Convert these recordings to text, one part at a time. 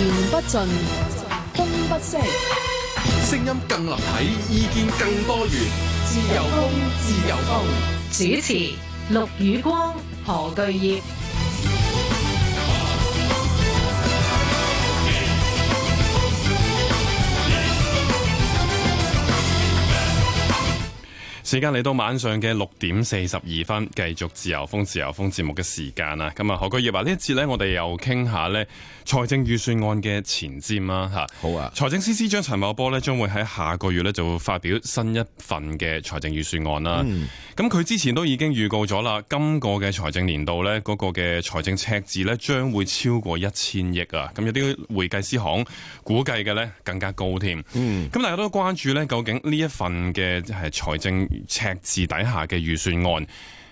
言不盡，風不息，聲音更立體，意見更多元。自由風，自由風。主持：陸宇光、何巨業。時間嚟到晚上嘅六點四十二分，繼續自由風自由風節目嘅時間啦。咁啊，何居業啊，呢一節呢，我哋又傾下呢財政預算案嘅前瞻啦，吓。好啊，財政司司長陳茂波呢，將會喺下個月呢就會發表新一份嘅財政預算案啦。咁、嗯、佢之前都已經預告咗啦，今個嘅財政年度呢，嗰個嘅財政赤字呢將會超過一千億啊。咁有啲會計師行估計嘅呢更加高添。嗯，咁大家都關注呢，究竟呢一份嘅係財政赤字底下嘅預算案。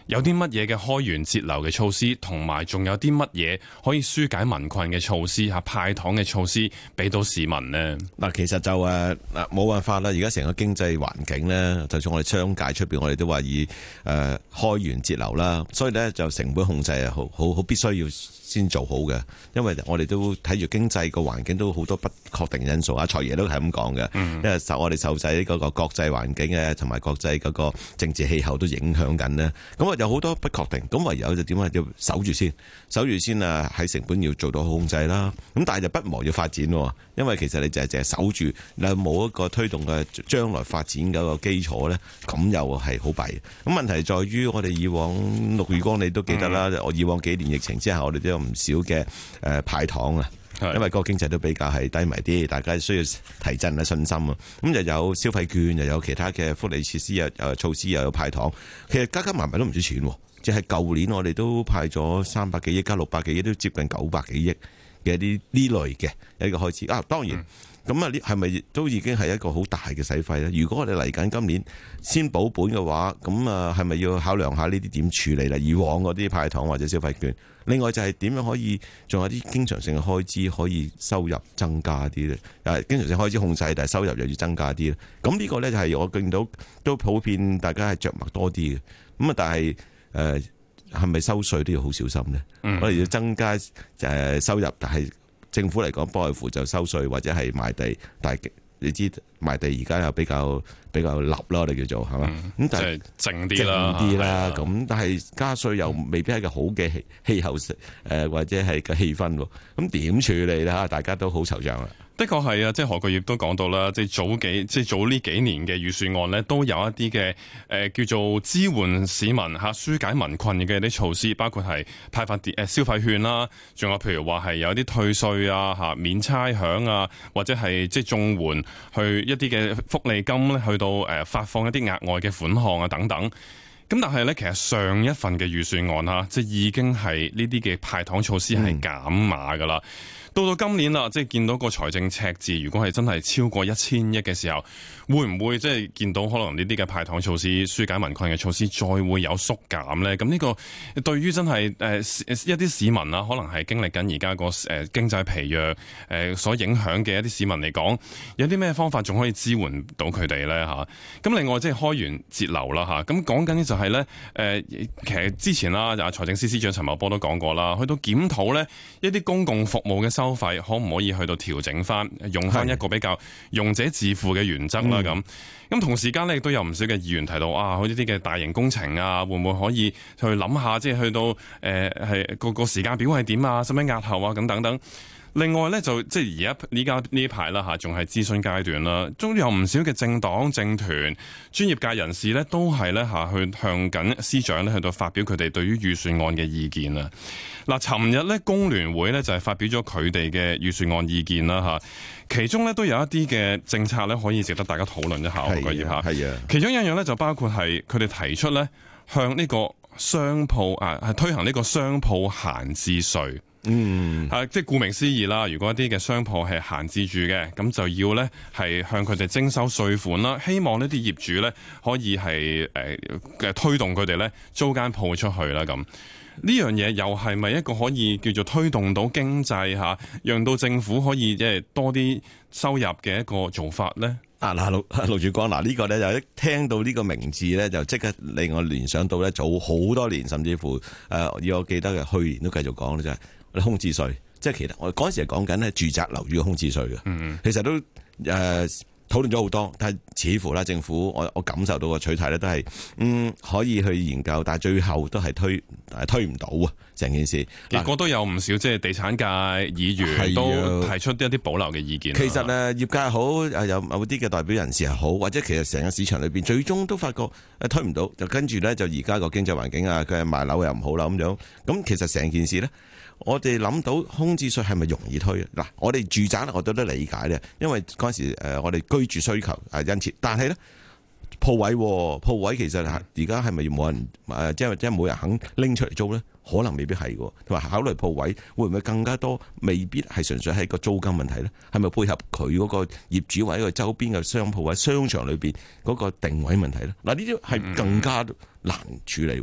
有啲乜嘢嘅開源節流嘅措施，同埋仲有啲乜嘢可以紓解民困嘅措施？吓派糖嘅措施，俾到市民呢？嗱，其實就誒，嗱，冇辦法啦。而家成個經濟環境咧，就算我哋商界出邊，我哋都話以誒開源節流啦。所以咧，就成本控制係，好好好必須要先做好嘅。因為我哋都睇住經濟個環境都好多不確定因素。阿財爺都係咁講嘅，因為受我哋受制嗰個國際環境嘅，同埋國際嗰個政治氣候都影響緊呢。咁有好多不確定，咁唯有就點呀要守住先，守住先啊！喺成本要做到好控制啦，咁但係就不忘要發展喎，因為其實你就係淨係守住，嗱冇一個推動嘅將來發展嘅一個基礎呢。咁又係好弊。咁問題在於我哋以往陸頌、嗯、雄，你都記得啦，我以往幾年疫情之下，我哋都有唔少嘅、呃、派糖啊。因為個經濟都比較係低迷啲，大家需要提振下信心啊！咁又有消費券，又有其他嘅福利設施又誒措施，又有派糖。其實加加埋埋都唔少錢，即係舊年我哋都派咗三百幾億加六百幾億，都接近九百幾億嘅啲呢類嘅一個開始啊！當然。嗯咁啊，呢係咪都已經係一個好大嘅使費咧？如果我哋嚟緊今年先保本嘅話，咁啊係咪要考量下呢啲點處理啦？以往嗰啲派糖或者消費券，另外就係點樣可以仲有啲經常性嘅開支可以收入增加啲咧？啊，經常性開支控制，但係收入又要增加啲咧。咁呢個咧就係我見到都普遍大家係著墨多啲嘅。咁啊，但係係咪收稅都要好小心咧、嗯？我哋要增加、呃、收入，但係。政府嚟講，不外乎就收稅或者係賣地，但係你知賣地而家又比較比較立咯，你叫做係嘛？咁、嗯、但係、就係、靜啲啦，咁但係加稅又未必係個好嘅氣氣候誒、呃，或者係個氣氛喎。咁點處理啦？大家都好惆悵啊！的確係啊，即係何國業都講到啦，即係早幾即係早呢幾年嘅預算案咧，都有一啲嘅、呃、叫做支援市民嚇、啊、疏解民困嘅啲措施，包括係派發消費券啦，仲有譬如話係有啲退稅啊、免差餉啊，或者係即係綜援去一啲嘅福利金咧，去到誒發放一啲額外嘅款項啊等等。咁但係咧，其實上一份嘅預算案啊，即係已經係呢啲嘅派糖措施係減碼噶啦。嗯。到到今年啦，即係見到個財政赤字，如果係真係超過一千億嘅時候，會唔會即係見到可能呢啲嘅派糖措施、紓解民困嘅措施再會有縮減咧？咁呢個對於真係誒、呃、一啲市民啊可能係經歷緊而家個誒經濟疲弱誒、呃、所影響嘅一啲市民嚟講有啲咩方法仲可以支援到佢哋咧？吓、啊，咁另外即係開源節流啦，吓、啊，咁講緊就係咧誒其實之前啦，就、啊、財政司司長陳茂波都講過啦，去到檢討咧一啲公共服務嘅收。收費可唔可以去到調整翻，用翻一個比較用者自付嘅原則啦？咁咁同時間呢，亦都有唔少嘅議員提到，啊，好似啲嘅大型工程啊，會唔會可以去諗下，即係去到誒係、呃，個個時間表係點啊，使唔使押後啊，咁等等。另外咧，就即係而家呢家呢排啦吓，仲係諮詢階段啦，都有唔少嘅政黨政團專業界人士咧，都係咧吓去向緊司長咧去到發表佢哋對於預算案嘅意見啊。嗱，尋日咧工聯會咧就係發表咗佢哋嘅預算案意見啦吓，其中咧都有一啲嘅政策咧可以值得大家討論一下，我覺得嚇。係啊，其中一樣咧就包括係佢哋提出咧向呢個。商鋪啊，係推行呢個商鋪閒置稅，嗯，啊，即係顧名思義啦。如果一啲嘅商鋪係閒置住嘅，咁就要呢係向佢哋徵收稅款啦。希望呢啲業主呢，可以係誒、呃、推動佢哋呢租間鋪出去啦。咁呢樣嘢又係咪一個可以叫做推動到經濟嚇、啊，讓到政府可以即係多啲收入嘅一個做法呢？啊嗱，陸陸主講嗱，光這個、呢個咧就一聽到呢個名字咧，就即刻令我聯想到咧，早好多年甚至乎，誒、呃，以我記得嘅去年都繼續講咧，就係、是、空置稅，即係其實我嗰時係講緊咧，住宅樓宇嘅空置稅嘅，嗯嗯，其實都誒。呃討論咗好多，但係似乎咧，政府我我感受到個取態咧都係嗯可以去研究，但係最後都係推，但係推唔到啊！成件事，結果都有唔少即係地產界議員都提出一啲保留嘅意見。其實誒，業界好，誒有某啲嘅代表人士係好，或者其實成個市場裏邊最終都發覺誒推唔到，就跟住咧就而家個經濟環境啊佢係賣樓又唔好啦咁樣。咁其實成件事咧。我哋諗到空置稅係咪容易推？嗱，我哋住宅我都得理解咧，因為嗰陣時誒我哋居住需求啊因此，但係咧鋪位鋪位其實而家係咪冇人誒即係即係冇人肯拎出嚟租咧？可能未必係，同埋考慮鋪位會唔會更加多？未必係純粹係一個租金問題咧，係咪配合佢嗰個業主或者個周邊嘅商鋪或商場裏邊嗰個定位問題咧？嗱，呢啲係更加。難處理，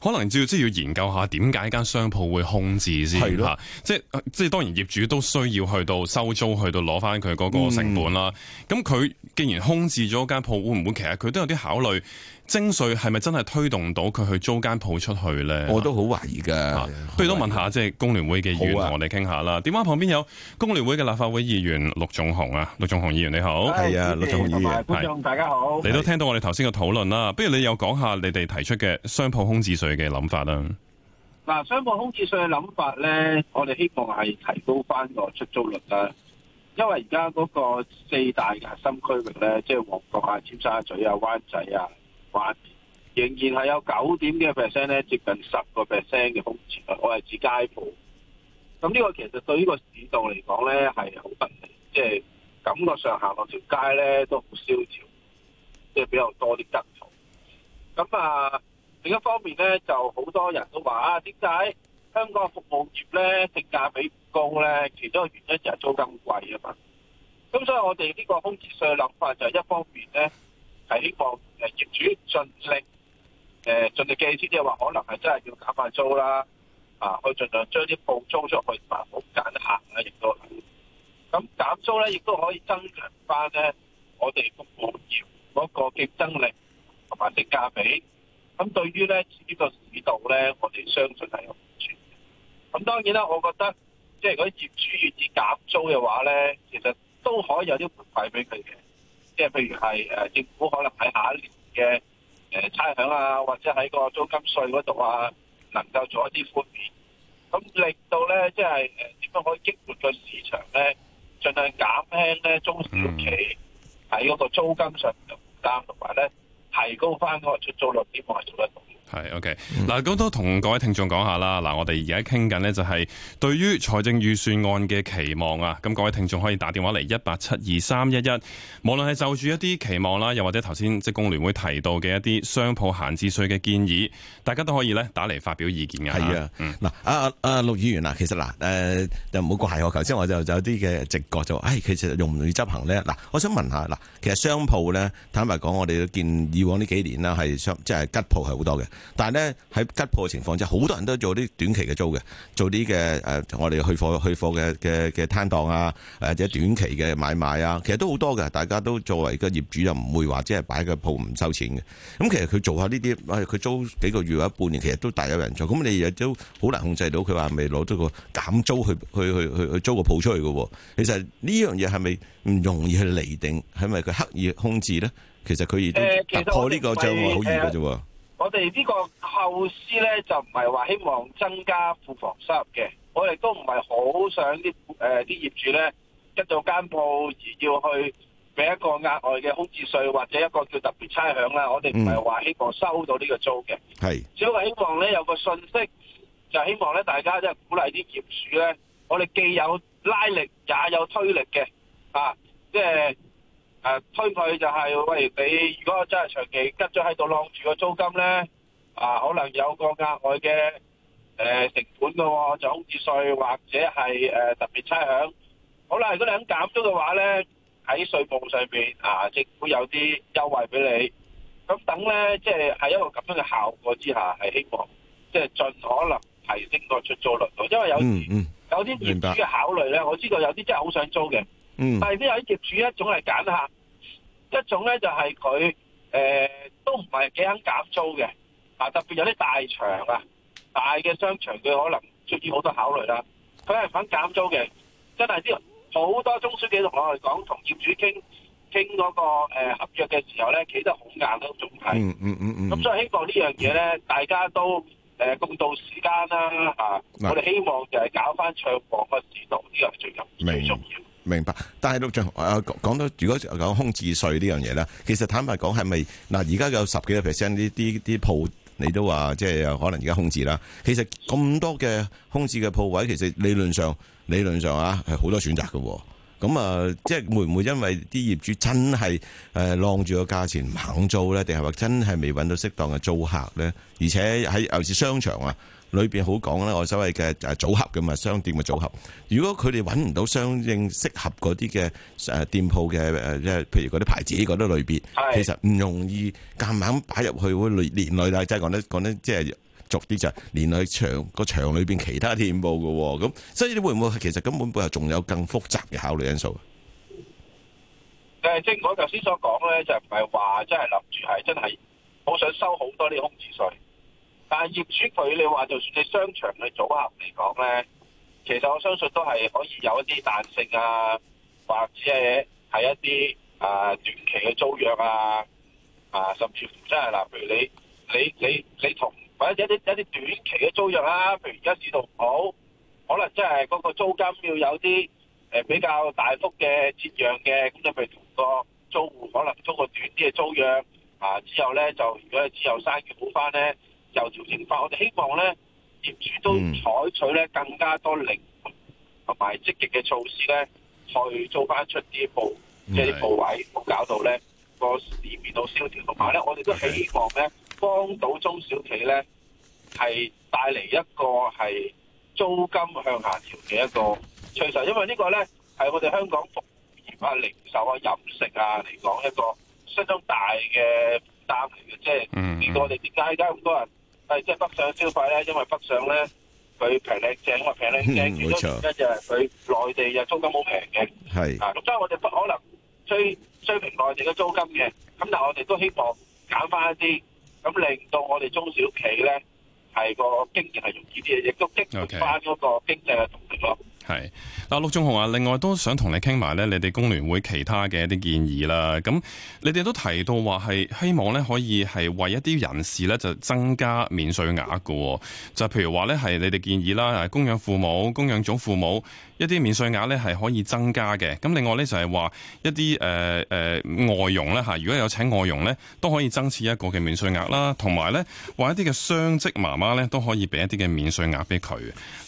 可能要即係要研究下點解間商鋪會空置先吓，即係即係當然業主都需要去到收租去到攞翻佢嗰個成本啦。咁、嗯、佢既然空置咗間鋪，會唔會其實佢都有啲考慮？徵稅係咪真係推動到佢去租間鋪出去咧？我都好懷疑㗎。不如都問下即係工聯會嘅議員同我哋傾下啦。電話旁邊有工聯會嘅立法會議員陸頌雄啊，陸頌雄議員你好。係啊，陸頌雄議員，觀眾大家好。你都聽到我哋頭先嘅討論啦，不如你有講下你哋提出嘅商鋪空置稅嘅諗法啦。嗱，商鋪空置稅嘅諗法咧，我哋希望係提高翻個出租率啊，因為而家嗰個四大核心區域咧，即係旺角啊、尖沙咀啊、灣仔啊。仍然係有九點幾 percent 咧，接近十個 percent 嘅空置率啦。我係指街鋪。咁呢個其實對呢個市道嚟講咧係好不利，即係感覺上行落條街咧都好蕭條，即係比較多啲吉鋪。咁啊，另一方面咧就好多人都話啊，點解香港服務業咧性價比唔高咧？其中一個原因就係租金貴啊嘛。咁所以我哋呢個空置稅嘅諗法就係一方面咧係希望。誒，業主盡力誒，盡力計先，即係話可能係真係要減下租啦，啊，去盡量將啲鋪租出去同埋好簡一下，亦都咁減租咧，亦都可以增強翻咧我哋服務業嗰個競爭力同埋性價比。咁對於咧呢個市道咧，我哋相信係有好處。咁當然啦，我覺得即係如果業主願意減租嘅話咧，其實都可以有啲回饋俾佢嘅。即係譬如係誒政府可能喺下一年嘅誒差餉啊，或者喺個租金稅嗰度啊，能夠做一啲豁免，咁令到咧即係誒點樣可以激活個市場咧，盡量減輕咧中小企喺嗰個租金上面嘅負擔，同埋咧提高翻嗰個出租率，希望係做得到。係 OK 嗱，咁都同各位聽眾講下啦。嗱，我哋而家傾緊呢就係對於財政預算案嘅期望啊。咁各位聽眾可以打電話嚟一八七二三一一，無論係就住一啲期望啦，又或者頭先職工聯會提到嘅一啲商鋪閒置稅嘅建議，大家都可以咧打嚟發表意見嘅。係啊，嗱、嗯，阿、啊、阿、啊、陸議員嗱，其實嗱，誒又唔好怪我頭先我就有啲嘅直覺就，誒、哎、其實容唔容易執行呢？嗱、啊，我想問下嗱，其實商鋪咧，坦白講，我哋都見以往呢幾年啦，係即係吉鋪係好多嘅。但係咧喺急迫嘅情況之下，好多人都做啲短期嘅租嘅，做啲嘅誒，我哋去貨去貨嘅嘅嘅攤檔啊，或者短期嘅買賣啊，其實都好多嘅。大家都作為個業主又唔會話即係擺個鋪唔收錢嘅。咁、嗯、其實佢做下呢啲，佢、哎、租幾個月或者半年，其實都大有人做。咁你亦都好難控制到佢話未攞到個減租去去去去去租個鋪出去嘅。其實呢樣嘢係咪唔容易去厘定？係咪佢刻意控制咧？其實佢亦都突破呢、這個障礙好易嘅啫。我哋呢個構思呢，就唔係話希望增加庫房收入嘅，我哋都唔係好想啲啲業主呢一到間鋪而要去俾一個額外嘅空置稅或者一個叫特別差餉啦。我哋唔係話希望收到呢個租嘅，係只不過希望呢有個信息，就是、希望呢大家即係鼓勵啲業主呢，我哋既有拉力也有推力嘅，啊，即、就是誒，推佢就係，喂，你如果真係長期拮咗喺度晾住個租金咧，啊，可能有個額外嘅誒成本噶喎，就空置稅或者係誒特別差餉。好啦，如果你肯減租嘅話咧，喺稅務上邊啊，政府有啲優惠俾你。咁等咧，即係喺一個咁樣嘅效果之下，係希望即係盡可能提升個出租率咯。因為有有啲業主嘅考慮咧，我知道有啲真係好想租嘅。嗯、但係呢，有啲業主一種係揀客，一種咧就係佢誒都唔係幾肯減租嘅，啊特別有啲大場啊、大嘅商場，佢可能涉及好多考慮啦。佢係唔肯減租嘅，真係啲好多中小企同我哋講，同業主傾傾嗰個、呃、合約嘅時候咧，企得好硬都仲係。嗯嗯嗯咁、嗯、所以希望呢樣嘢咧，大家都誒、呃、共度時間啦、啊，嚇、啊啊。我哋希望就係搞翻暢旺嘅市道，呢、呢個最緊最重要。明白，但係陸長啊，講到如果講空置稅呢樣嘢咧，其實坦白講係咪？嗱，而家有十幾個 percent 呢啲啲鋪，的你都話即係可能而家空置啦。其實咁多嘅空置嘅鋪位，其實理論上理論上啊，係好多選擇嘅。咁啊，即係會唔會因為啲業主真係誒晾住個價錢唔肯租咧，定係話真係未揾到適當嘅租客咧？而且喺尤其是商場啊。裏邊好講啦，我所謂嘅誒組合咁啊，商店嘅組合。如果佢哋揾唔到相應適合嗰啲嘅誒店鋪嘅誒，即係譬如嗰啲牌子嗰啲類別，其實唔容易夾硬擺入去會連累啦。即係講得講得即係俗啲就係連累場個場裏邊其他店鋪噶。咁所以你會唔會其實根本背後仲有更複雜嘅考慮因素？誒，即係我頭先所講咧，就唔係話真係諗住係真係我想收好多啲空置稅。但係業主佢，你話就算你商場嘅組合嚟講咧，其實我相信都係可以有一啲彈性啊，或啊，啊，啊，或者係係一啲短期嘅租約啊啊，甚至乎真係嗱，譬如你你你你同或者一啲一啲短期嘅租約啦，譬如而家市道唔好，可能真係嗰個租金要有啲誒比較大幅嘅折讓嘅，咁就譬如同個租戶可能租個短啲嘅租約啊，之後咧就如果之後生意好翻咧。有調整法，我哋希望咧業主都採取咧更加多靈同埋積極嘅措施咧，去做翻出啲部、嗯、即係啲部位，冇搞到咧、那個市面到蕭條。同埋咧，我哋都希望咧、okay. 幫到中小企咧係帶嚟一個係租金向下調嘅一個趨勢，因為呢個咧係我哋香港服務業啊、零售啊、飲食啊嚟講一個相當大嘅負擔嚟嘅。即係如果我哋點解而家咁多人？係即係北上消費咧，因為北上咧佢平靚正，因為平靚正，其中一就係佢內地嘅租金好平嘅。係啊，咁所以我哋不可能追追平內地嘅租金嘅，咁但係我哋都希望減翻一啲，咁令到我哋中小企咧係個經營係容易啲嘅，亦都激返嗰個經濟嘅動力咯。Okay. 係，嗱陸頌雄啊，另外都想同你傾埋咧，你哋工聯會其他嘅一啲建議啦。咁你哋都提到話係希望咧可以係為一啲人士咧就增加免稅額喎。就譬如話咧係你哋建議啦，供養父母、供養祖父母，一啲免稅額咧係可以增加嘅，咁另外咧就係話一啲誒誒外傭咧吓，如果有請外傭咧都可以增設一個嘅免稅額啦，同埋咧話一啲嘅雙職媽媽咧都可以俾一啲嘅免稅額俾佢。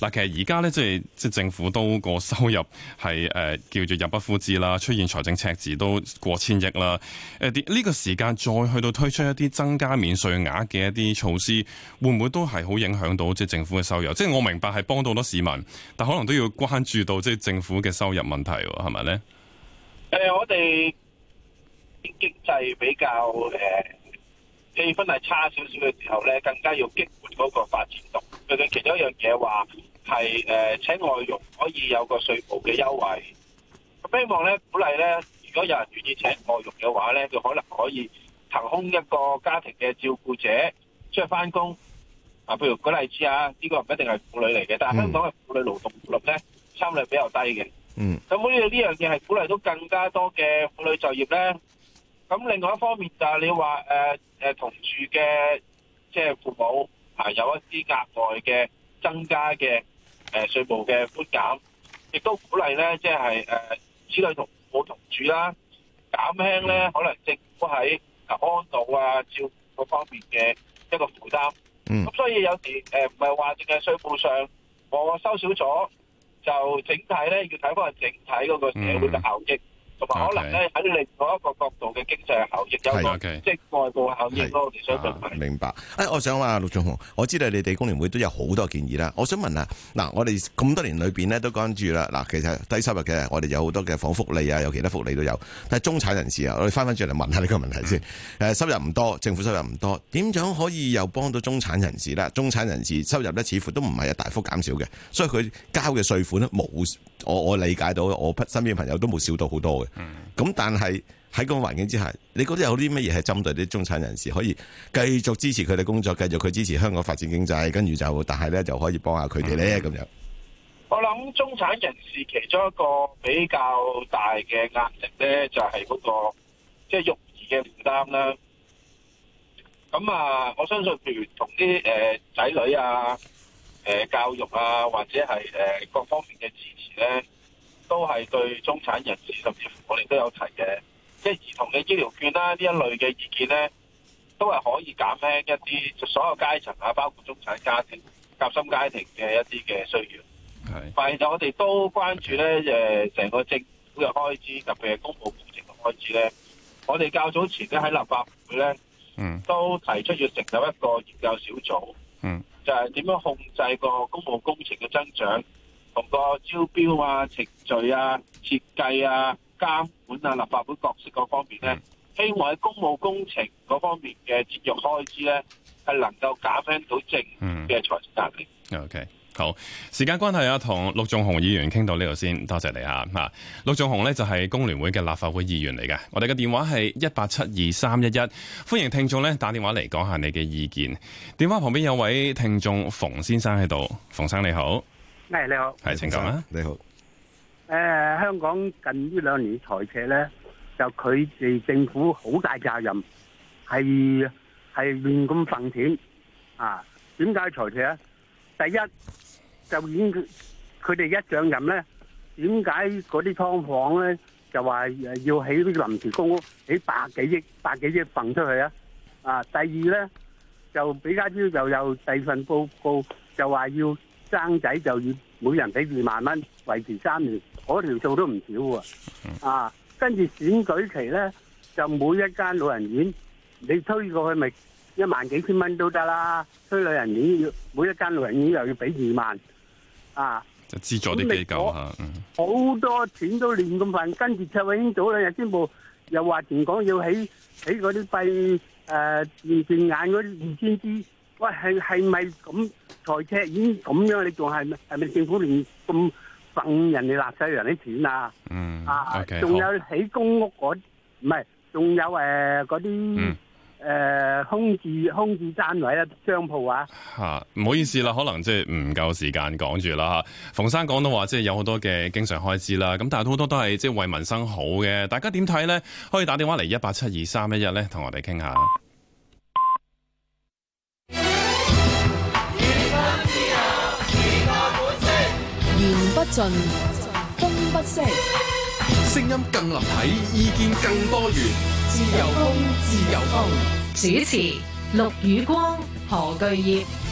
嗱，其實而家咧即係即係政府都個收入係誒、呃、叫做入不敷支啦，出現財政赤字都過千億啦。誒、這、呢個時間再去到推出一啲增加免稅額嘅一啲措施，會唔會都係好影響到即係政府嘅收入？即係我明白係幫到好多市民，但可能都要關注。遇到即係政府嘅收入問題係咪咧？誒、呃，我哋經濟比較誒氣氛係差少少嘅時候咧，更加要激活嗰個發展度。佢嘅其中一樣嘢話係誒、呃，請外傭可以有個稅務嘅優惠。咁希望咧鼓勵咧，如果有人願意請外傭嘅話咧，就可能可以騰空一個家庭嘅照顧者出去翻工。啊，譬如舉例子啊，呢、這個唔一定係婦女嚟嘅，但係香港嘅婦女勞動率咧，參與比較低嘅，嗯，咁好似呢樣嘢係鼓勵到更加多嘅婦女就業咧。咁另外一方面就係你話誒誒同住嘅即係父母啊有一啲額外嘅增加嘅誒稅務嘅寬減，亦都鼓勵咧即係誒子女同父母同住啦，減輕咧可能政府喺安老啊照各方面嘅一個負擔。咁所以有時誒唔係話淨係稅務上我收少咗。就整體咧，要睇返整體嗰個社會嘅效益。Mm. 同埋可能咧喺、okay. 另外一個角度嘅經濟效益，有個、okay. 即外部效益咯。我哋想問、啊，明白？誒、哎，我想話啊，陸頌雄我知道你哋工聯會都有好多建議啦。我想問啊，嗱，我哋咁多年裏面咧都關注啦。嗱，其實低收入嘅我哋有好多嘅房福利啊，有其他福利都有。但中產人士啊，我哋翻返轉嚟問下呢個問題先。 收入唔多，政府收入唔多，點樣可以又幫到中產人士咧？中產人士收入咧，似乎都唔係大幅減少嘅，所以佢交嘅稅款呢，冇，我我理解到，我身邊朋友都冇少到好多嘅。咁、嗯、但係喺個環境之下，你覺得有啲乜嘢係針對啲中產人士可以繼續支持佢哋工作，繼續佢支持香港發展經濟，跟住就，但係咧就可以幫下佢哋咧咁樣。我諗中產人士其中一個比較大嘅壓力咧，就係、是、嗰、那個即係育兒嘅負擔啦。咁、就是、啊，我相信譬如同啲誒仔女啊，誒、呃、教育啊，或者係誒、呃、各方面嘅支持咧，都係對中產人士，甚至乎我哋都有提嘅，即係兒童嘅醫療券啦、啊，呢一類嘅意見咧，都係可以減輕一啲所有階層啊，包括中產家庭、夾心家庭嘅一啲嘅需要。係，但係就我哋都關注咧，誒，成個政府嘅開支，特別係公務工程嘅開支咧，我哋較早前咧喺立法會咧，嗯，都提出要成立一個研究小組，嗯，就係、是、點樣控制個公務工程嘅增長。同個招標啊、程序啊、設計啊、監管啊、立法會角色嗰方面咧，嗯，希望喺公務工程嗰方面嘅節約開支咧，係能夠減輕到正嘅財政壓力。嗯、o、okay, K，好，時間關係啊，同陸頌雄議員傾到呢度先，多謝你吓、啊、吓。陸頌雄咧就係、是、工聯會嘅立法會議員嚟嘅。我哋嘅電話係一八七二三一一，歡迎聽眾咧打電話嚟講下你嘅意見。電話旁邊有位聽眾馮先生喺度，馮生你好。誒，你好，係請講啊，你好。誒，香港近呢兩年財赤咧，就佢哋政府好大責任，係係亂咁揈錢啊？點解財赤啊？第一就演佢哋一仗人咧，點解嗰啲劏房咧就話誒要起啲臨時公屋，起百幾億、百幾億揈出去啊？啊，第二咧就俾阿標又又第二份報告就話要。生仔就要每人俾二萬蚊維持三年，嗰條數都唔少喎、嗯。啊，跟住選舉期咧，就每一間老人院你推過去咪一萬幾千蚊都得啦。推老人院要每一間老人院又要俾二萬啊。就資助啲機構吓，好多錢都亂咁份。跟住卓永興早兩日宣布又話全港要起起嗰啲閉誒，電、呃、電眼嗰二千支，喂係係咪咁？是不是這台車已經咁樣你還是，你仲係係咪政府連咁掹人哋垃圾人啲錢啊？嗯，okay, 還還、呃嗯呃、啊，仲有喺公屋嗰唔係，仲有誒嗰啲誒空置空置單位啊，商鋪啊吓，唔好意思啦，可能即係唔夠時間講住啦吓。馮生講到話，即係有好多嘅經常開支啦，咁但係好多都係即係為民生好嘅，大家點睇咧？可以打電話嚟一八七二三一一咧，同我哋傾下。 盡風不息，聲音更立體，意見更多元，自由風，自由風。主持：陸宇光、何巨業。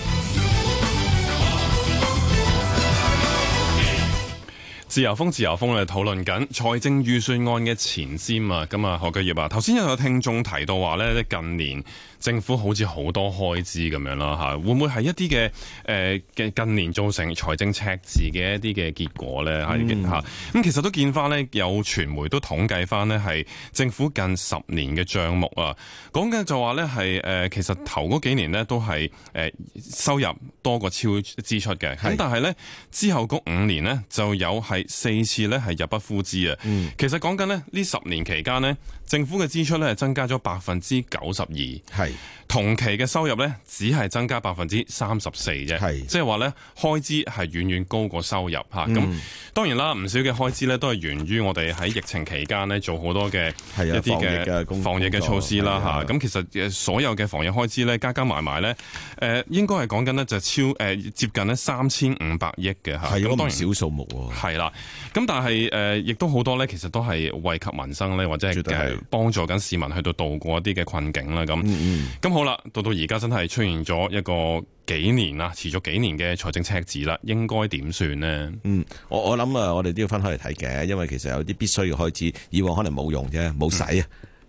自由風自由風咧討論緊財政預算案嘅前瞻啊！咁啊，何家業啊，頭先有個聽眾提到話咧，近年政府好似好多開支咁樣啦嚇，會唔會係一啲嘅誒嘅近年造成財政赤字嘅一啲嘅結果咧嚇？咁、嗯、其實都見翻呢，有傳媒都統計翻呢，係政府近十年嘅帳目啊，講緊就話呢，係、呃、誒，其實頭嗰幾年呢，都係誒收入多過超支出嘅，咁但係呢，之後嗰五年呢，就有係，四次咧係入不敷支啊！嗯，其實講緊咧呢十年期間咧。政府嘅支出咧，增加咗百分之九十二，係同期嘅收入咧，只係增加百分之三十四啫，係即係話咧，開支係遠遠高過收入吓。咁、嗯、當然啦，唔少嘅開支咧，都係源於我哋喺疫情期間咧，做好多嘅一啲嘅防疫嘅措施啦吓。咁、啊、其實所有嘅防疫開支咧，加加埋埋咧，誒、呃，應該係講緊咧就超誒、呃、接近咧三千五百億嘅吓，咁、啊、當然唔少數目喎、啊。係啦，咁但係誒，亦、呃、都好多咧，其實都係惠及民生咧，或者係幫助緊市民去到度過一啲嘅困境啦，咁咁、嗯、好啦，到到而家真係出現咗一個幾年啦，持續幾年嘅財政赤字啦，應該點算呢？嗯，我我諗啊，我哋都要分開嚟睇嘅，因為其實有啲必須要開支，以往可能冇用啫，冇使啊，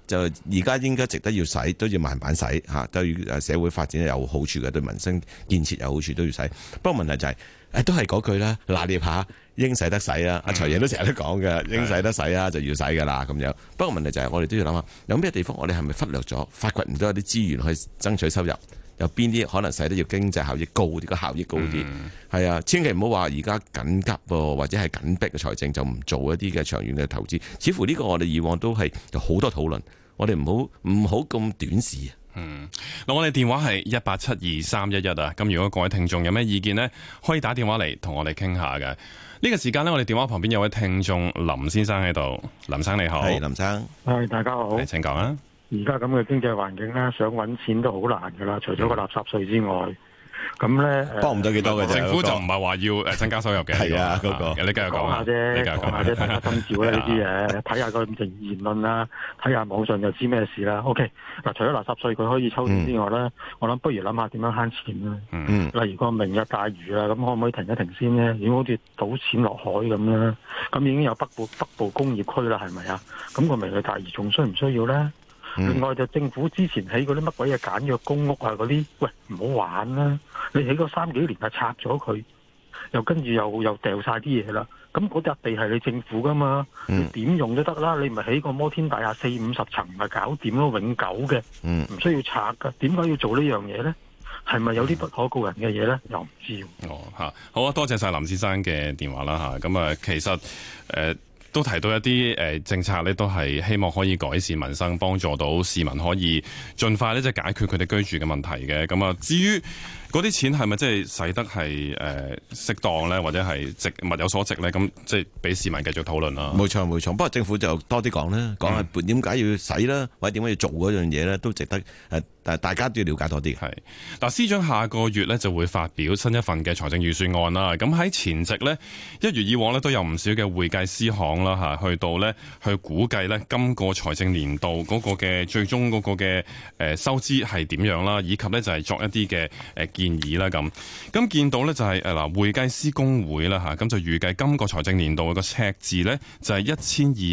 就而家應該值得要使，都要慢慢使吓，對於社會發展有好處嘅，對民生建設有好處都要使。不過問題就係、是、誒，都係嗰句啦，嗱你下。應使得使啊！阿財爺都成日都講㗎，應、嗯、使得使啊，就要使噶啦咁樣。不過問題就係我哋都要諗下，有咩地方我哋係咪忽略咗，發掘唔到一啲資源去爭取收入？有邊啲可能使得要經濟效益高啲，個效益高啲？係、嗯、啊，千祈唔好話而家緊急喎，或者係緊迫嘅財政就唔做一啲嘅長遠嘅投資。似乎呢個我哋以往都係有好多討論，我哋唔好唔好咁短視啊！嗯，嗱，我哋電話係一八七二三一一啊。咁如果各位聽眾有咩意見呢？可以打電話嚟同我哋傾下嘅。呢、這個時間咧，我哋電話旁邊有位聽眾林先生喺度。林生你好，係林生？係，大家好。係，請講啊。而家咁嘅經濟環境咧，想搵錢都好難噶啦，除咗個垃圾稅之外。嗯咁咧，幫唔到幾多嘅。政府就唔係話要誒增加收入嘅。係啊，嗰、那個、啊那個、你繼續講下啫，講下啫，睇下新招啦，呢啲嘢，睇下個咁言論啦，睇 下網上又知咩事啦。OK，嗱，除咗垃圾稅佢可以抽錢之外咧、嗯，我諗不如諗下點樣慳錢嗯嗯。例如個明日大嶼啦，咁可唔可以停一停先咧？已經好似倒錢落海咁啦，咁已經有北部北部工業區啦，係咪啊？咁個明日大嶼仲需唔需要咧？嗯、另外就政府之前起嗰啲乜鬼嘢簡約公屋啊嗰啲，喂唔好玩啦！你起個三幾年啊拆咗佢，又跟住又又掉晒啲嘢啦。咁嗰笪地係你政府噶嘛，嗯、你點用都得啦。你唔係起個摩天大廈四五十層咪搞掂咯，永久嘅，唔、嗯、需要拆噶。點解要做這件事呢樣嘢咧？係咪有啲不可告人嘅嘢咧？又唔知道。哦、吓、啊、好啊！多謝晒林先生嘅電話啦，吓咁啊，其實誒。呃都提到一啲、呃、政策咧，都係希望可以改善民生，幫助到市民可以盡快咧，即係解決佢哋居住嘅問題嘅。咁啊，至於，嗰啲錢係咪真係使得係誒適當咧，或者係值物有所值咧？咁即係俾市民繼續討論啦。冇錯冇錯，不過政府就多啲講啦，講下點解要使啦，或者點解要做嗰樣嘢咧，都值得誒大大家都要了解多啲嘅。係嗱，司長下個月咧就會發表新一份嘅財政預算案啦。咁喺前夕呢，一如以往呢，都有唔少嘅會計師行啦吓，去到呢，去估計呢，今個財政年度嗰個嘅最終嗰個嘅誒收支係點樣啦，以及呢，就係作一啲嘅誒。建議啦咁，咁見到咧就係誒嗱會計師公會啦吓，咁就預計今個財政年度嘅赤字咧就係一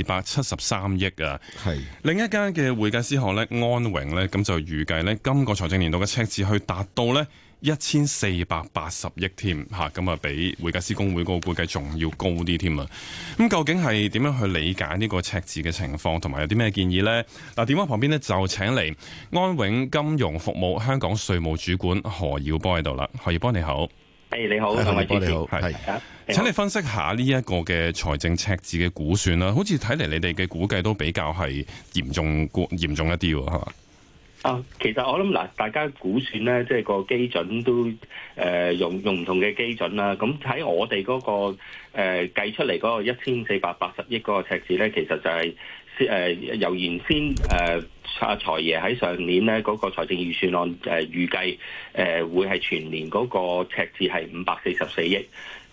千二百七十三億啊。係另一間嘅會計師行咧安永咧，咁就預計咧今個財政年度嘅赤字去達到咧。一千四百八十億添吓，咁啊，比會計師公會嗰個估計仲要高啲添啊！咁究竟係點樣去理解呢個赤字嘅情況，同埋有啲咩建議呢？嗱，電話旁邊呢，就請嚟，安永金融服務香港稅務主管何耀波喺度啦。何耀波你好，誒、hey, 你好，何耀波你好，係，請你分析下呢一個嘅財政赤字嘅估算啦。好似睇嚟你哋嘅估計都比較係嚴重，嚴重一啲吓。啊，其實我諗嗱，大家估算咧，即係個基準都誒、呃、用用唔同嘅基準啦。咁喺我哋嗰、那個誒、呃、計出嚟嗰個一千四百八十億嗰個赤字咧，其實就係、係、誒、呃、由原先誒阿、呃、財爺喺上年咧嗰個財政預算案誒、呃、預計誒、呃、會係全年嗰個赤字係五百四十四億。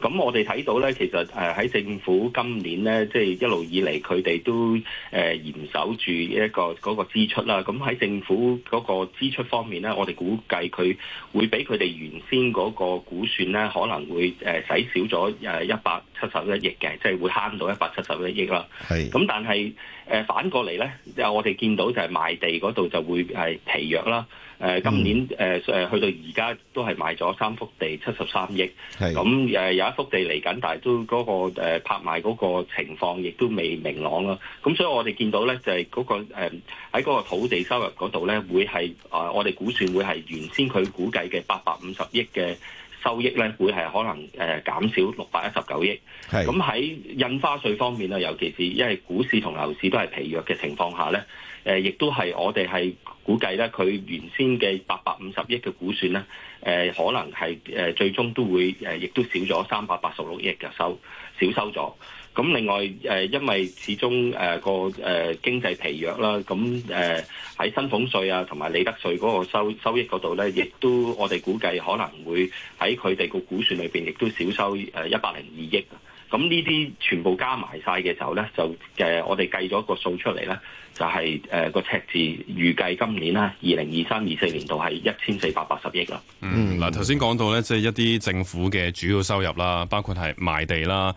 咁我哋睇到咧，其實喺政府今年咧，即係一路以嚟佢哋都誒嚴守住一個嗰個支出啦。咁喺政府嗰個支出方面咧，我哋估計佢會比佢哋原先嗰個估算咧，可能會誒使少咗誒一百七十一億嘅，即係會慳到一百七十一億啦。係。咁但係誒反過嚟咧，我哋見到就係賣地嗰度就會係疲弱啦。誒今年誒誒、嗯呃、去到而家都係賣咗三幅地，七十三億，咁誒、呃、有一幅地嚟緊，但係都嗰、那個、呃、拍賣嗰個情況亦都未明朗啦。咁所以我哋見到咧，就係、是、嗰、那個喺嗰、呃、個土地收入嗰度咧，會係啊、呃、我哋估算會係原先佢估計嘅八百五十億嘅。收益咧會係可能誒呃、減少六百一十九億，咁喺印花稅方面咧，尤其是因為股市同樓市都係疲弱嘅情況下咧，呃、亦都係我哋係估計咧，佢原先嘅八百五十億嘅估算咧、呃，可能係、呃、最終都會呃、亦都少咗三百八十六億嘅收少收咗。咁另外誒，因為始終誒個誒經濟疲弱啦，咁誒喺薪俸稅啊同埋利得稅嗰個收收益嗰度咧，亦都我哋估計可能會喺佢哋個估算裏面亦都少收誒一百零二億。咁呢啲全部加埋晒嘅時候咧，就、呃、我哋計咗個數出嚟咧，就係誒個赤字預計今年啦，二零二三二四年度係一千四百八十億啦。嗯，嗱頭先講到咧，即係一啲政府嘅主要收入啦，包括係賣地啦。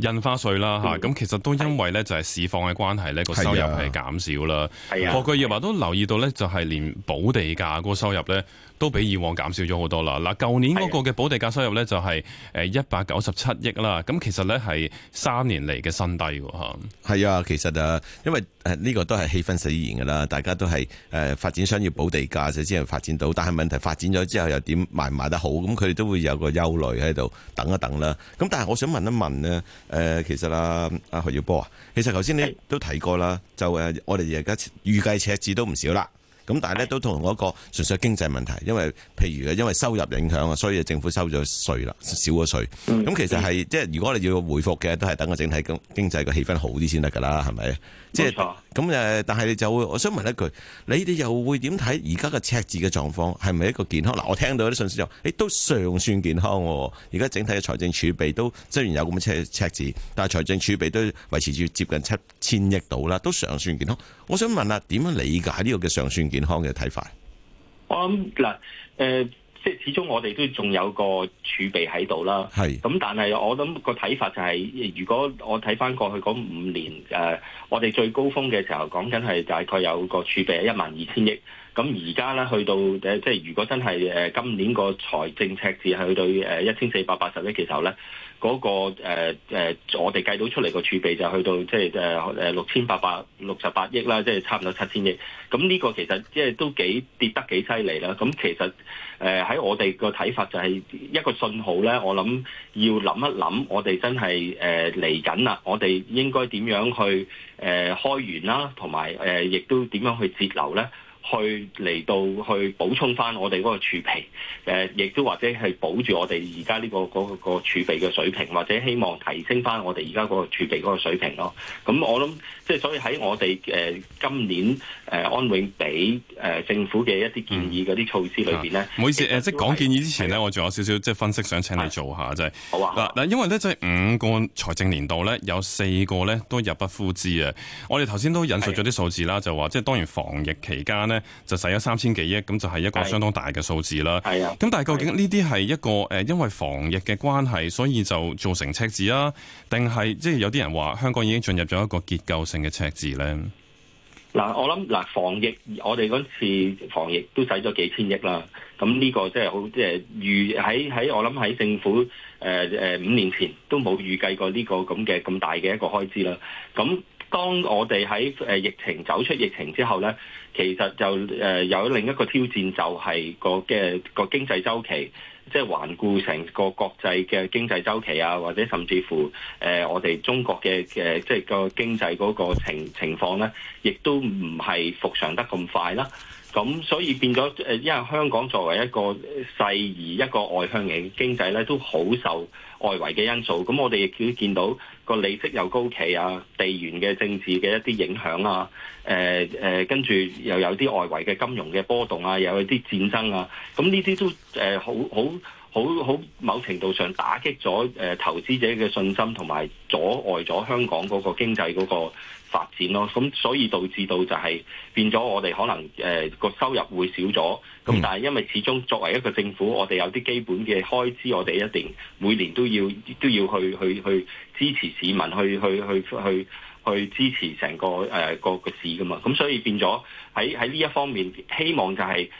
印花稅啦嚇，咁其實都因為咧就係市況嘅關係咧，個收入係減少啦。何個業話都留意到咧，就係連補地價個收入咧。都比以往減少咗好多啦。嗱，舊年嗰個嘅補地價收入咧就係誒一百九十七億啦。咁其實咧係三年嚟嘅新低喎，嚇。係啊，其實啊，因為誒呢個都係氣氛使然㗎啦。大家都係誒發展商要補地價就先係發展到，但係問題發展咗之後又點賣唔賣得好？咁佢都會有個憂慮喺度，等一等啦。咁但係我想問一問呢，誒其實啊，阿何耀波啊，其實頭先你都提過啦，就誒我哋而家預計赤字都唔少啦。咁但係咧都同嗰個純粹經濟問題，因為譬如啊，因為收入影響啊，所以政府收咗稅啦，少咗稅。咁、嗯、其實係即係，如果你要恢復嘅，都係等個整體經濟個氣氛好啲先得㗎啦，係咪？即係。咁誒，但係你就會，我想問一句，你哋又會點睇而家嘅赤字嘅狀況係咪一個健康？嗱，我聽到啲信息就，誒都尚算健康。而家整體嘅財政儲備都雖然有咁嘅赤赤字，但係財政儲備都維持住接近七千億度啦，都尚算健康。我想問下點樣理解呢個嘅尚算健康嘅睇法？我諗嗱，誒。即係始終我哋都仲有個儲備喺度啦，咁但係我諗個睇法就係、係，如果我睇翻過去嗰五年誒，我哋最高峰嘅時候講緊係大概有個儲備係一萬二千億，咁而家咧去到誒，即係如果真係誒今年個財政赤字係去到誒一千四百八十億嘅時候咧。嗰、那個誒、呃呃、我哋計到出嚟個儲備就去到即係誒誒六千八百六十八億啦，即、就、係、是、差唔多七千億。咁呢個其實即係都幾跌得幾犀利啦。咁其實誒喺、呃、我哋個睇法就係一個信號咧，我諗要諗一諗、呃，我哋真係誒嚟緊啦。我哋應該點樣去誒開源啦，同埋誒亦都點樣去節流咧？去嚟到去補充翻我哋嗰個，個儲備，亦都或者係保住我哋而家呢個嗰個儲備嘅水平，或者希望提升翻我哋而家嗰個儲備嗰個水平咯。咁我諗，即係所以喺我哋今年安永俾政府嘅一啲建議嗰啲措施裏面咧，嗯嗯、唔好意思，即係講建議之前咧，我仲有少少即係分析，想請你做下即係好啊嗱嗱，因為咧即係五個財政年度咧，有四個咧都入不敷支啊。我哋頭先都引述咗啲數字啦，就話即係當然防疫期間。就使咗三千幾億，咁就係一個相當大嘅數字啦。係啊，咁但係究竟呢啲係一個誒，因為防疫嘅關係，所以就造成赤字啦，定係即係有啲人話香港已經進入咗一個結構性嘅赤字呢？嗱，我諗嗱，防疫我哋嗰次防疫都使咗幾千億啦，咁呢個即係好即係預喺喺我諗喺政府誒誒、呃、五年前都冇預計過呢個咁嘅咁大嘅一個開支啦。咁當我哋喺誒疫情走出疫情之後呢，其實就誒有另一個挑戰，就係個嘅個經濟周期，即係環顧成個國際嘅經濟周期啊，或者甚至乎誒我哋中國嘅嘅即係個經濟嗰個情情況咧，亦都唔係復常得咁快啦。咁所以變咗誒，因為香港作為一個細而一個外向型經濟咧，都好受外圍嘅因素。咁我哋亦都見到。個利息又高企啊，地緣嘅政治嘅一啲影響啊，誒、呃、誒，跟、呃、住又有啲外圍嘅金融嘅波動啊，又有啲戰爭啊，咁呢啲都誒好、呃、好。好好好某程度上打擊咗誒投資者嘅信心，同埋阻礙咗香港嗰個經濟嗰個發展咯。咁所以導致到就係變咗我哋可能誒個、呃、收入會少咗。咁、嗯、但係因為始終作為一個政府，我哋有啲基本嘅開支，我哋一定每年都要都要去去去支持市民，去去去去去支持成個誒、呃、個個市噶嘛。咁所以變咗喺喺呢一方面，希望就係、是。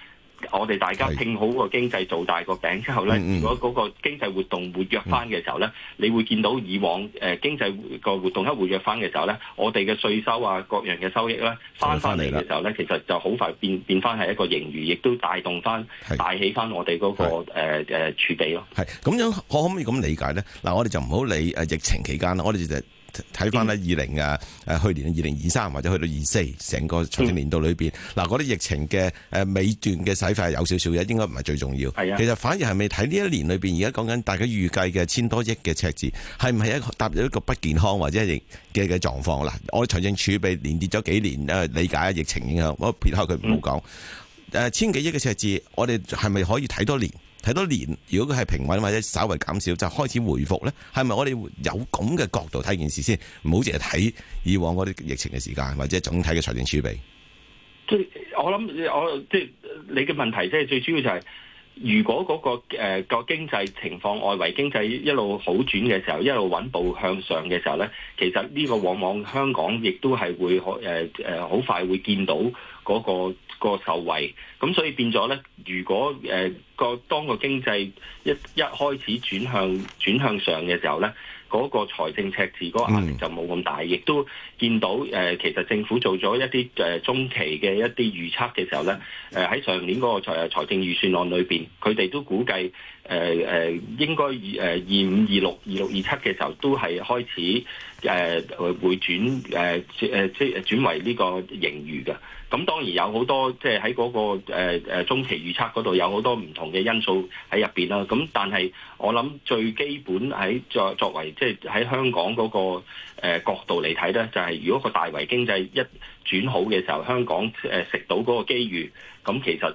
我哋大家拼好個經濟做大個餅之後咧，如果嗰個經濟活動活躍翻嘅時候咧，嗯，你會見到以往誒經濟個活動一活躍翻嘅時候咧，我哋嘅稅收啊各樣嘅收益咧翻翻嚟嘅時候咧，其實就好快變變翻係一個盈餘，亦都帶動翻帶起翻我哋嗰，那個誒誒，呃，儲備咯。係咁樣可唔可以咁理解咧？嗱，我哋就唔好理誒疫情期間啦，我哋就。睇翻咧二零啊，誒去年二零二三或者去到二四，成個財政年度裏邊，嗱嗰啲疫情嘅誒尾段嘅使費有少少嘅，應該唔係最重要。係啊，其實反而係咪睇呢一年裏邊，而家講緊大家預計嘅千多億嘅赤字，係唔係一個踏入一個不健康或者疫嘅嘅狀況？嗱，我哋財政儲備連跌咗幾年，誒理解疫情影響，我撇開佢唔好講。誒、嗯啊，千幾億嘅赤字，我哋係咪可以睇多年？睇多年，如果佢係平穩或者稍微減少，就開始回復咧，係咪我哋有咁嘅角度睇件事先？唔好淨係睇以往嗰啲疫情嘅時間或者總體嘅財政儲備，即係我諗，我，我即係你嘅問題，就係，即係最主要就係、係、如果嗰、嗰個誒、呃嗰個經濟情況，外圍經濟一路好轉嘅時候，一路穩步向上嘅時候咧，其實呢個往往香港亦都係會誒誒好快會見到。嗰、那個那個受惠，咁所以變咗咧。如果誒個、呃、當個經濟一一開始轉向轉向上嘅時候咧，嗰、那個財政赤字嗰壓力就冇咁大，亦、嗯、都見到誒、呃、其實政府做咗一啲誒、呃、中期嘅一啲預測嘅時候咧，誒喺上年嗰個財財政預算案裏邊，佢哋都估計。誒誒應該二誒二五二六二六二七嘅時候都係開始誒會轉誒誒即誒轉為呢個盈餘嘅。咁當然有好多即係喺嗰個誒中期預測嗰度有好多唔同嘅因素喺入邊啦。咁但係我諗最基本喺作作為即係喺香港嗰個誒角度嚟睇咧，就係如果個大圍經濟一轉好嘅時候，香港誒食到嗰個機遇，咁其實。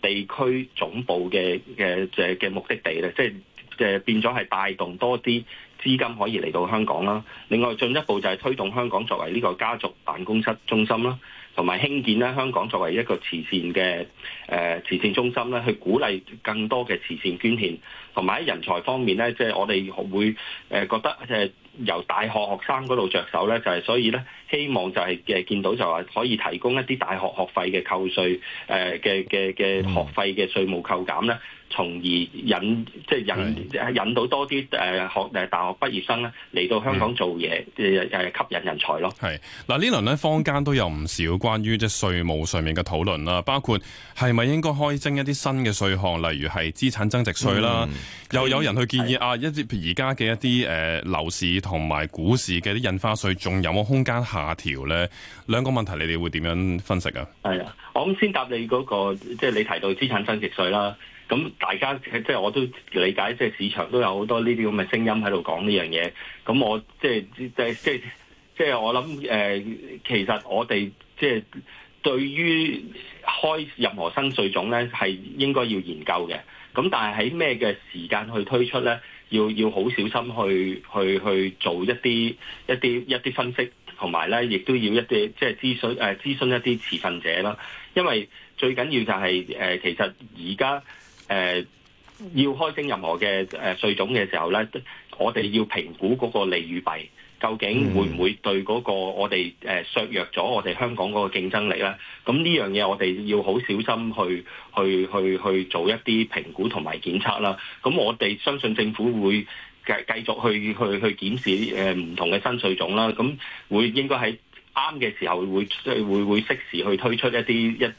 地區總部嘅嘅嘅嘅目的地咧，即係誒變咗係帶動多啲資金可以嚟到香港啦。另外進一步就係推動香港作為呢個家族辦公室中心啦，同埋興建咧香港作為一個慈善嘅誒慈善中心咧，去鼓勵更多嘅慈善捐獻，同埋喺人才方面咧，即係我哋會誒覺得誒。由大學學生嗰度着手咧，就係、是、所以咧，希望就係嘅見到就係可以提供一啲大學學費嘅扣稅，誒嘅嘅嘅學費嘅稅務扣減咧，從而引即係引引到多啲誒學誒大學畢業生咧嚟到香港做嘢，誒吸引人才咯。係嗱，輪呢輪咧坊間都有唔少關於即係稅務上面嘅討論啦，包括係咪應該開徵一啲新嘅稅項，例如係資產增值稅啦、嗯，又有人去建議的啊，現在的一啲而家嘅一啲誒樓市，同埋股市嘅啲印花稅，仲有冇空間下調咧？兩個問題你哋會點樣分析啊？係啊，我咁先答你嗰個，即係你提到資產增值稅啦。咁大家即係我都理解，即係市場都有好多呢啲咁嘅聲音喺度講呢樣嘢。咁我即係即係即係即係我諗誒，其實我哋即係對於開任何新稅種咧，係應該要研究嘅。咁但係喺咩嘅時間去推出咧？要要好小心去去去做一啲一啲一啲分析，同埋咧亦都要一啲即係諮詢誒諮詢一啲持份者啦。因為最緊要就係誒其實而家誒要開徵任何嘅誒稅種嘅時候咧，我哋要評估嗰個利與弊。究竟會唔會對嗰個我哋誒削弱咗我哋香港嗰個競爭力咧？咁呢樣嘢我哋要好小心去去去去做一啲評估同埋檢測啦。咁我哋相信政府會繼繼續去去去檢視誒唔同嘅新稅種啦。咁會應該喺啱嘅時候會會會適時去推出一啲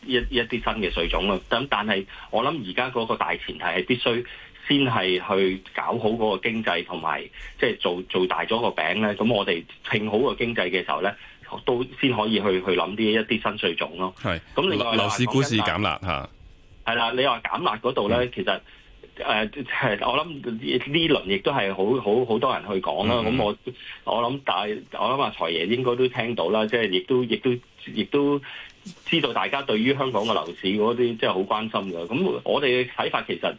一一一啲新嘅稅種啦。咁但係我諗而家嗰個大前提係必須。先係去搞好嗰個經濟，同埋即係做做大咗個餅咧。咁我哋拼好個經濟嘅時候咧，都先可以去去諗啲一啲新稅種咯。係。咁你話樓市股市減辣嚇？係、啊、啦，你話減辣嗰度咧，其實誒係、呃、我諗呢輪亦都係好好好多人去講啦。咁、嗯嗯嗯、我我諗，但係我諗阿財爺應該都聽到啦，即係亦都亦都亦都知道大家對於香港嘅樓市嗰啲即係好關心嘅。咁我哋嘅睇法其實。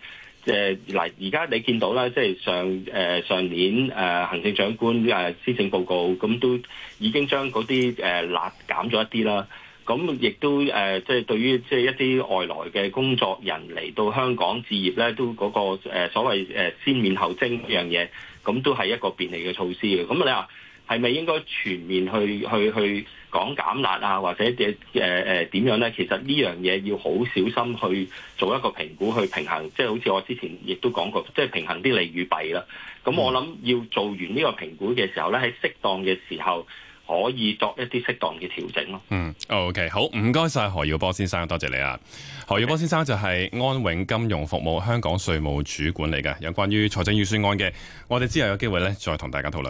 嘅嚟，而家你見到啦，即係上誒、呃、上年誒、呃、行政長官誒施政報告，咁都已經將嗰啲誒辣減咗一啲啦。咁亦都誒、呃，即係對於即係一啲外來嘅工作人嚟到香港置業咧，都嗰、那個、呃、所謂誒、呃、先免後徵呢樣嘢，咁都係一個便利嘅措施嘅。咁你話？係咪應該全面去去去講減壓啊，或者嘅誒誒點樣呢？其實呢樣嘢要好小心去做一個評估，去平衡，即係好似我之前亦都講過，即係平衡啲利與弊啦。咁我諗要做完呢個評估嘅時候呢，喺適當嘅時候可以作一啲適當嘅調整咯。嗯，OK，好，唔該晒。何耀波先生，多謝你啊。何耀波先生就係安永金融服務香港稅務主管嚟嘅，有關於財政預算案嘅，我哋之後有機會呢，再同大家討論。